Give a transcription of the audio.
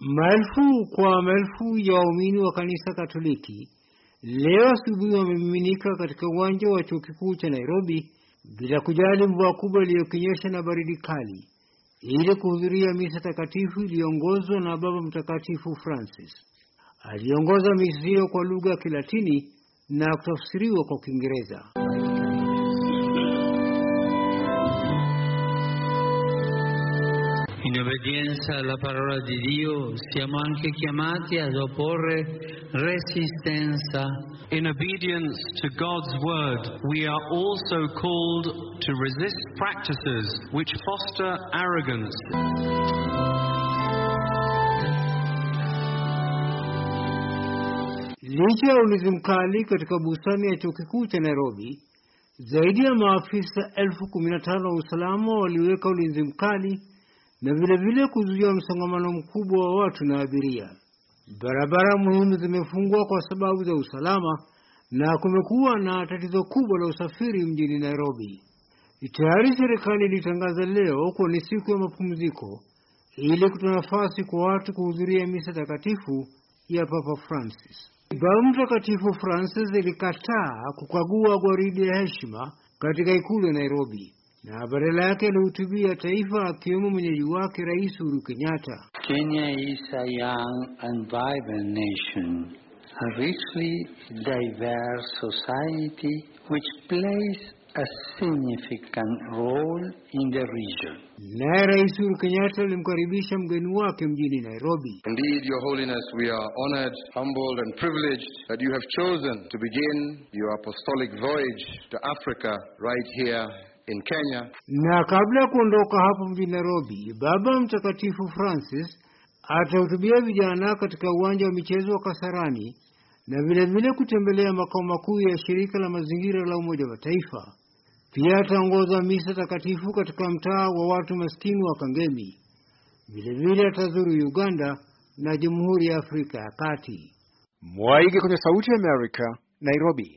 Maelfu kwa maelfu ya waumini wa kanisa Katoliki leo asubuhi wamemiminika katika uwanja wa chuo kikuu cha Nairobi bila kujali mvua kubwa iliyokinyesha na baridi kali ili kuhudhuria misa takatifu iliyoongozwa na Baba Mtakatifu Francis. Aliongoza misa hiyo kwa lugha ya Kilatini na kutafsiriwa kwa Kiingereza. in obbedienza alla parola di Dio siamo anche chiamati ad opporre resistenza. In obedience to God's word, we are also called to resist practices which foster arrogance. Licha ya ulinzi mkali katika bustani ya chuo kikuu cha Nairobi, zaidi ya maafisa elfu kumi na tano wa usalama waliweka ulinzi mkali na vilevile kuzuia msongamano mkubwa wa watu na abiria. Barabara muhimu zimefungwa kwa sababu za usalama na kumekuwa na tatizo kubwa la usafiri mjini Nairobi. Tayari serikali ilitangaza leo kuwa ni siku ya mapumziko ili kutoa nafasi kwa watu kuhudhuria misa takatifu ya Papa Francis. Baba Mtakatifu Francis ilikataa kukagua gwaridi ya heshima katika ikulu ya Nairobi. na alihutubia taifa akiwemo mwenyeji wake Rais Uhuru Kenyatta. Kenya is a young and vibrant nation, a richly diverse society which plays a significant role in the region. Naye Rais Uhuru Kenyatta alimkaribisha mgeni wake mjini Nairobi. Indeed, Your Holiness, we are honored, humbled and privileged that you have chosen to begin your apostolic voyage to Africa right here in Kenya. Na kabla ya kuondoka hapo mjini Nairobi, Baba Mtakatifu Francis atahutubia vijana katika uwanja wa michezo wa Kasarani na vilevile kutembelea makao makuu ya shirika la mazingira la Umoja wa Mataifa. Pia ataongoza misa takatifu katika mtaa wa watu maskini wa Kangemi. Vilevile atazuru Uganda na Jamhuri ya Afrika ya Kati. Mwaige kwenye Sauti ya Amerika, Nairobi.